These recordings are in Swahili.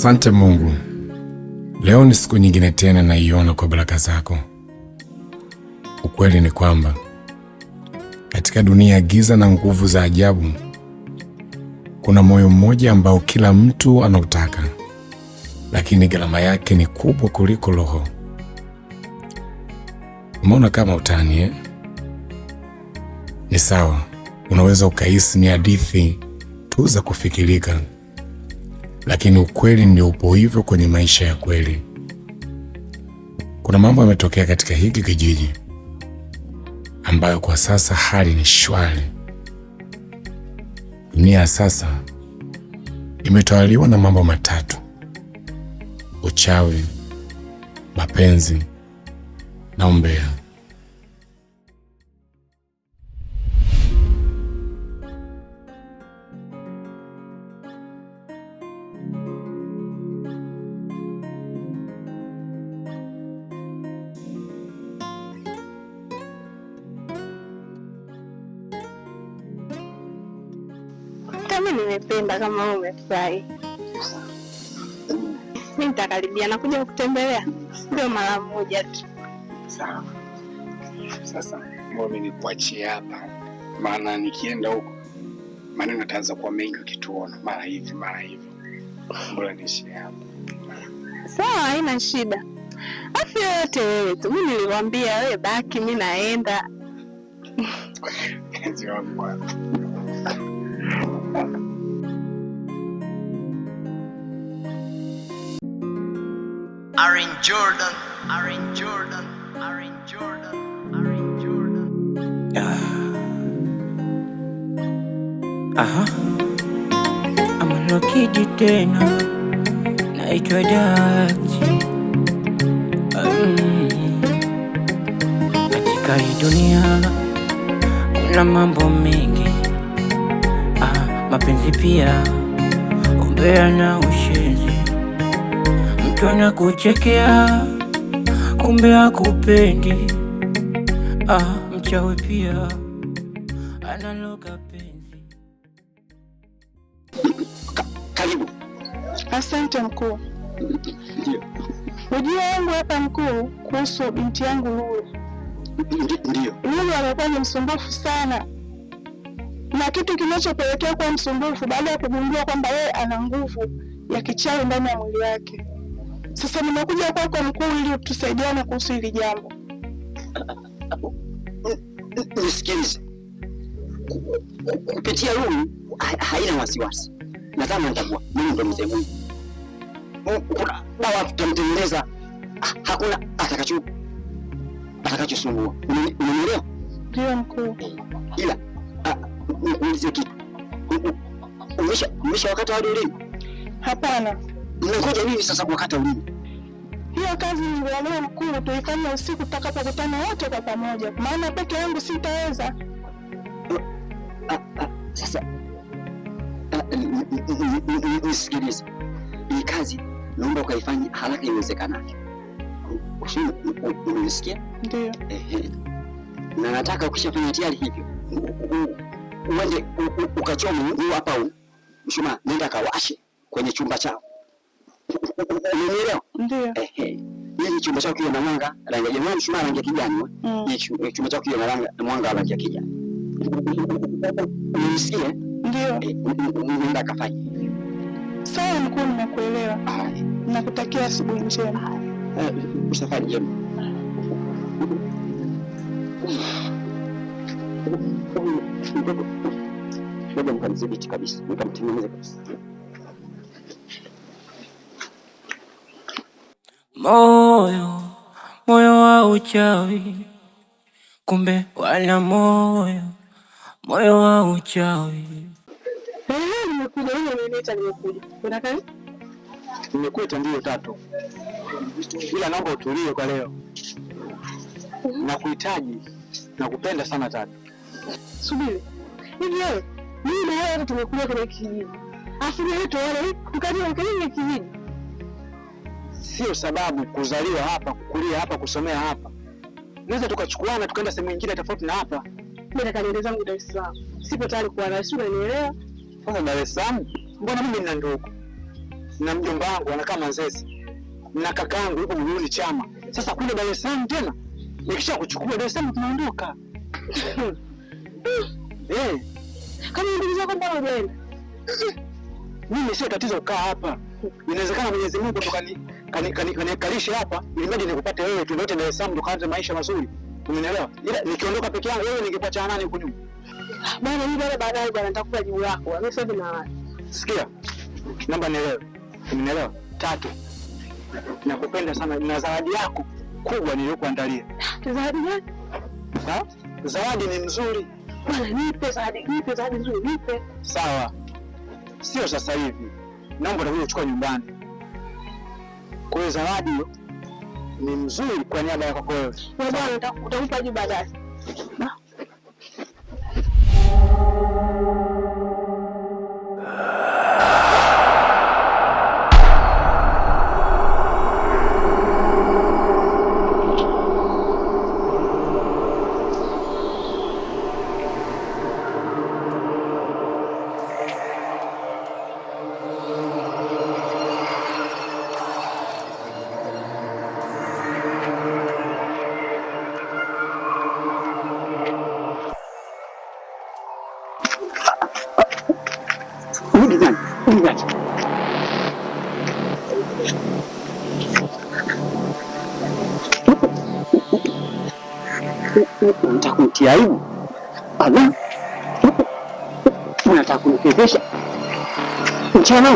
Asante Mungu, leo ni siku nyingine tena naiona kwa baraka zako. Ukweli ni kwamba katika dunia ya giza na nguvu za ajabu, kuna moyo mmoja ambao kila mtu anautaka, lakini gharama yake ni kubwa kuliko roho. Umeona kama utani eh? Ni sawa, unaweza ukahisi ni hadithi tu za kufikirika lakini ukweli ndio upo hivyo kwenye maisha ya kweli. Kuna mambo yametokea katika hiki kijiji ambayo kwa sasa hali ni shwari. Dunia ya sasa imetawaliwa na mambo matatu: uchawi, mapenzi na umbea. kama umefurahi. Mi nitakaribia nakuja kutembelea, sio mara moja tu. Sawa. Sasa mimi nikuachie hapa, maana nikienda huko maneno ataanza kuwa mengi, ukituona mara hivi mara hivi, bora niishie hapa. Sawa, haina shida. Afya yote wewe tu, mi nilikwambia wewe baki, mi naenda Aaron Jordan, Aaron Jordan, Aaron Jordan, Aaron Jordan. Ah. Aha. Amalokidi tena naitwa Daji. Mm. Katika hii dunia kuna mambo mengi. Ah, mapenzi pia umbea na ushe Kichwa na kuchekea, kumbe hakupendi. Ah, mchawi pia analoga penzi. Asante mkuu. Ujio wangu hapa mkuu, kuhusu binti yangu Lulu. Ndio. Lulu amekuwa ni msumbufu sana, na kitu kinachopelekea kuwa msumbufu baada ya kugundua kwamba yeye ana nguvu ya kichawi ndani ya mwili wake. Sasa nimekuja kwako mkuu, ili tusaidiane kuhusu hili jambo. Nisikilize, kupitia Rumi haina wasiwasi, nadhani nitakuwa mimi ndo mzee Mungu. Kuna dawa tutamtengeneza, hakuna atakacho atakachosumbua. Unanielewa? Ndio mkuu, ila niulize kitu, umesha wakati wa Hapana. Mnakuja nini sasa kuwakata ulimi? Hiyo kazi ya leo mkuu tuifanya usiku tutakapokutana wote kwa pamoja, maana peke yangu sitaweza. Sasa nisikilize, hii kazi naomba ukaifanye haraka iwezekanavyo, unisikia? Ndio. Na nataka ukishafanya tayari hivyo uende ukachome huu hapa mshumaa, nenda kawashe kwenye chumba chao. Ndio. Hii chumba chako kina mwanga rangi ya jamani, mshumaa rangi ya kijani. Eh. Mm. Hii eh, chumba chako kina mwanga rangi ya kijani. Unisikia? Ndio. Eh, Nenda kafanye. Sawa, mkuu, nimekuelewa. Nakutakia asubuhi njema. Safari njema. Mdogo mkanidhibiti kabisa, nikamtengeneza kabisa. moyo, moyo wa uchawi, kumbe wala moyo, moyo wa uchawi. Nimekuja nimekuja, unataka nimekuita ndio tatu, ila naomba utulie kwa leo. Nakuhitaji, nakupenda sana tatu. Subiri hivi wewe, mimi na wewe tumekuja kwenye kijiji, afu leo tuone tukaje kwenye kijiji sio sababu kuzaliwa hapa, kukulia hapa, kusomea hapa. Naweza tukachukuana tukaenda sehemu nyingine tofauti na hapa. Mimi nataka niende zangu Dar es Salaam. Sipo tayari kuwa na shule, Sasa Dar es Salaam, mbona mimi nina ndugu na mjomba wangu anakaa Manzese na kakaangu yuko Chama. Sasa kule Dar es Salaam tena nikisha kuchukua Dar es Salaam tunaondoka. Eh, kama ndugu zako mbona Mimi sio tatizo kukaa hapa. Inawezekana Mwenyezi Mungu tukani kanikalishe hapa ili mimi nikupate wewe tu, ndio Dar es Salaam tukaanze maisha mazuri, unielewa? Ila nikiondoka peke yangu, wewe ningepata nani huko nyuma bana? Mimi bana, baadaye bana, nitakupa jibu lako mimi sasa nina sikia, naomba nielewe, unielewa? Tatu, nakupenda sana na zawadi yako kubwa niliyokuandalia. Zawadi gani? Ha? Zawadi ni nzuri. bana, nipe zawadi, nipe zawadi nzuri, nipe. Sawa, sio sasa hivi, naomba utakuja kuchukua nyumbani kwa hiyo zawadi ni mzuri kwa niaba yako wewe. Bwana, utakupa juu baadaye. aibu. Unataka kunikezesha mchana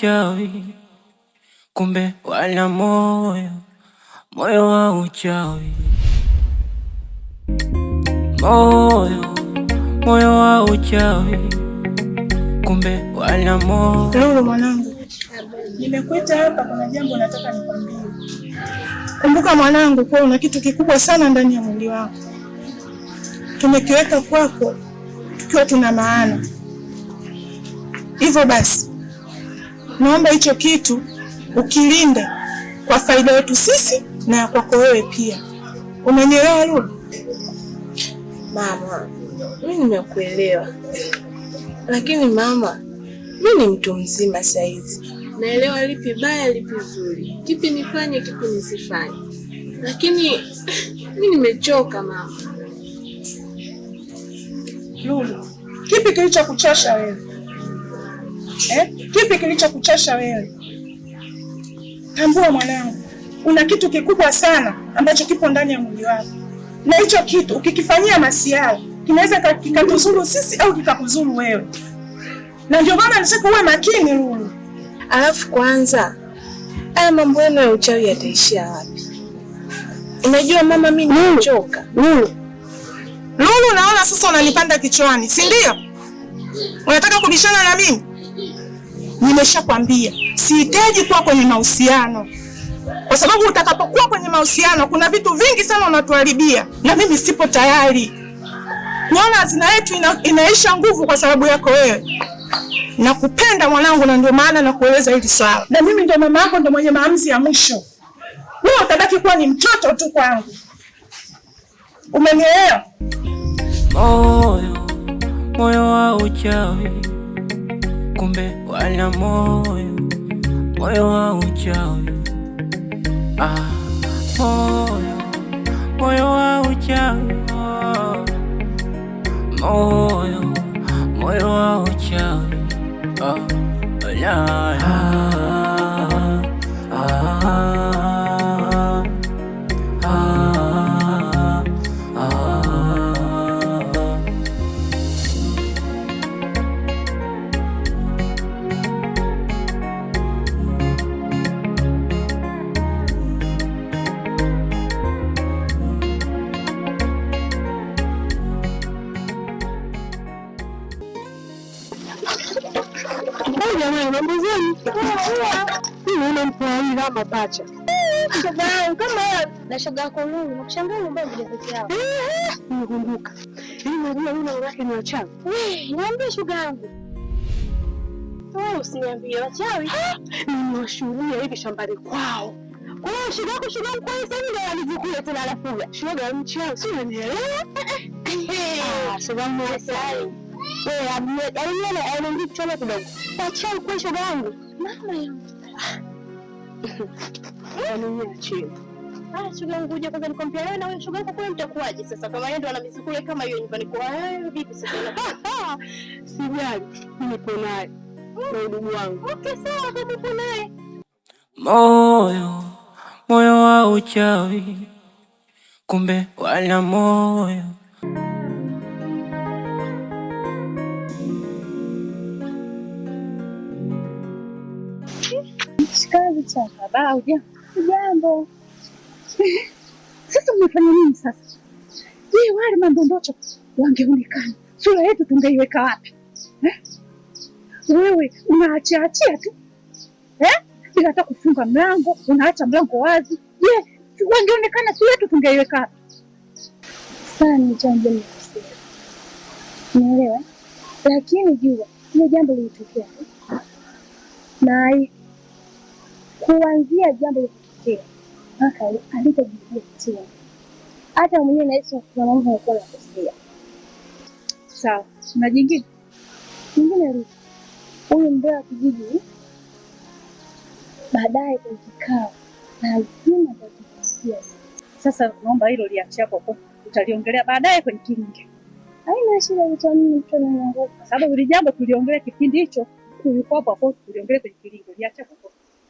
uchawi, kumbe wana moyo, moyo wa uchawi, moyo, moyo wa uchawi, kumbe wana moyo. Lulu mwanangu, nimekuita hapa, kuna jambo nataka nikwambie. Kumbuka mwanangu, kuwa una kitu kikubwa sana ndani ya mwili wako, tumekiweka kwako tukiwa tuna maana. Hivyo basi naomba hicho kitu ukilinde kwa faida yetu sisi na ya kwako wewe pia. Umenielewa Lulu? Mama, mimi nimekuelewa, lakini mama, mi ni mtu mzima saizi, naelewa lipi baya lipi zuri, kipi nifanye kipi nisifanye, lakini mi nimechoka mama. Lulu, kipi kilichokuchosha wewe? kipi eh? Kipi kilichokuchosha wewe? Tambua mwanangu, una kitu kikubwa sana ambacho kipo ndani ya mwili wako, na hicho kitu ukikifanyia masiara kinaweza kikatuzuru sisi au kikakuzuru wewe, na ndio maana nataka uwe makini Lulu. Alafu kwanza haya mambo yenu ya uchawi yataishia wapi? Unajua mama, mimi nimechoka Lulu. Lulu, naona sasa unanipanda kichwani, si ndio? Unataka kubishana na mimi? Nimeshakwambia sihitaji kuwa kwenye mahusiano, kwa sababu utakapokuwa kwenye mahusiano kuna vitu vingi sana unatuharibia, na mimi sipo tayari. kuona hazina yetu ina, inaisha nguvu kwa sababu yako wewe. Nakupenda mwanangu, na ndio maana nakueleza hili swala, na mimi ndio mama yako, ndio mwenye maamuzi ya mwisho. Wewe utabaki kuwa ni mtoto tu kwangu, umenielewa? Moyo moyo wa uchawi kumbe wana moyo, moyo wa uchawi. Ah, moyo, moyo wa uchawi, moyo, moyo wa uchawi ah, la, la. hii kama pacha na shoga kululu nakushangaa nyumbani kuja peke yao. Nimekumbuka. Hii yaani najua yule wake ni wachawi. niambie shoga yangu. Wewe usiniambie wachawi. Nimewashuhudia hivi shambani kwao. Kwa hiyo shoga yako shoga yangu kwa hiyo sasa ndio alizikula tena alafuga. Shoga ya mchawi, si unanielewa? Eh, eh, eh. Ah, shoga yangu asali. Wewe, yaani yeye anaongea kichwa kidogo. Wachawi kwa shoga yangu. Mama yangu. Shoga yaani ah, kwanza wewe na wewe shoga yako kule sasa kama yeye ndo ana kama hiyo nyumbani kwa wewe eh, vipi sasa? Sijali, naye na udugu wangu. Okay, sawa naye. Moyo, moyo wa uchawi. Kumbe wala moyo kazi cha baba, hujambo? jambo Sasa umefanya nini sasa? Je, wale mandondocho wangeonekana, sura yetu tungeiweka wapi eh? Wewe unaachiaachia tu eh? bila hata kufunga mlango, unaacha mlango wazi. Je, wangeonekana, sura yetu tungeiweka wapi? Sana jambo lakini jua ile jambo lilitokea na kuanzia jambo likitokea mpaka alitajiia tena, hata mwenyewe nahisi kuna mambo anakuwa nakosea. Sawa na jingine jingine, Ruth, huyu mzee wa kijiji baadaye kwenye kikao lazima tazungumzia. Sasa naomba hilo liachie hapo hapo, utaliongelea baadaye kwenye kingi. Haina shida, utamini mtoto wangu, kwa sababu ile jambo tuliongelea kipindi hicho, kulikuwa hapo hapo, tuliongelea kwenye kilingo, liachie hapo hapo.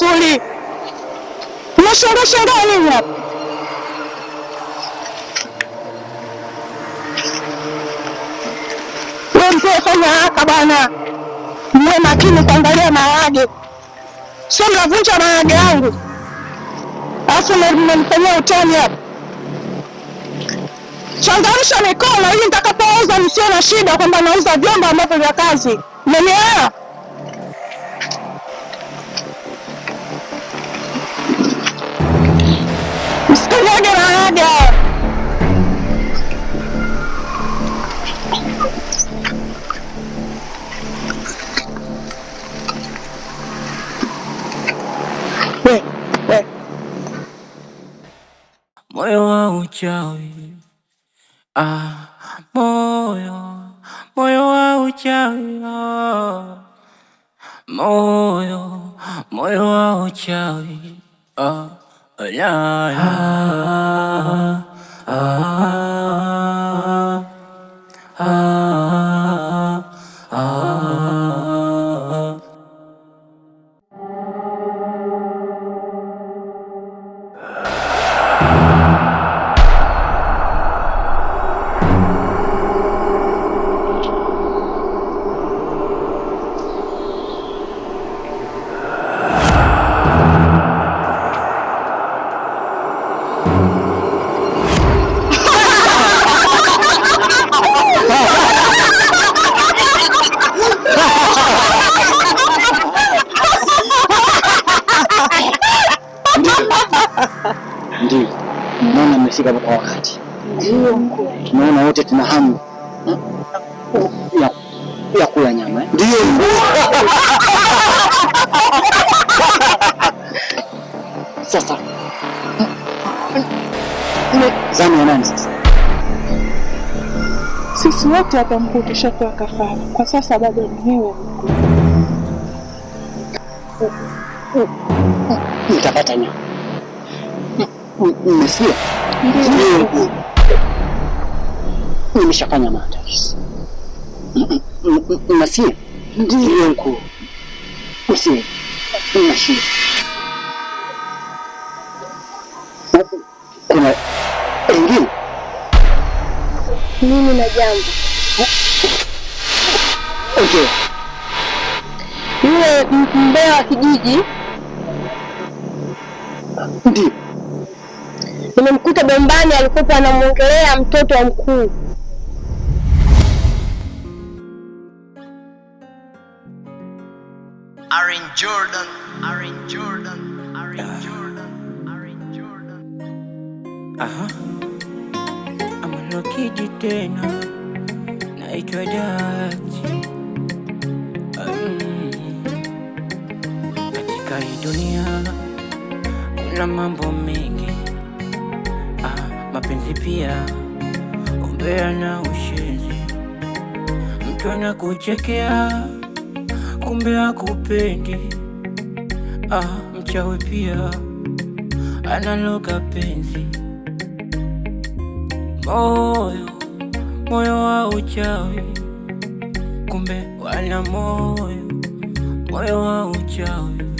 vizuri, mnashondosha ndani hapa. We fanya haka bwana, mwe makini kuangalia maharage, sio mnavunja maharage yangu, alafu mnanifanyia utani hapa. Changamsha mikono ili nitakapouza nisio na shida kwamba nauza vyombo ambavyo vya kazi, mmenielewa? kufika kwa wakati. Tunaona wote tuna hamu ya kula nyama. Ndio. Sasa zamu ya nani sasa? Sisi wote hapa mkutisha kwa kafara, kwa sasa bado ni wewe Mtapata nyama, mmesikia? nimeshafanya maandalizi. Masie mm, mm, mm, ndio mkuu, usi nashi kuna engine mimi na jambo okay. Yule mbea wa kijiji ndio Nimemkuta bombani alikuwa anamwongelea mtoto wa mkuu. Aaron Jordan, Aaron Jordan, Aaron Jordan, Aaron Jordan. Aha. tena. Naitwa Dachi. Mm. Katika hii dunia kuna mambo mengi mapenzi pia, umbea na ushenzi. Mtu anakuchekea kumbe akupendi Ah, mchawi pia analoga penzi. Moyo moyo wa uchawi, kumbe wana moyo moyo wa uchawi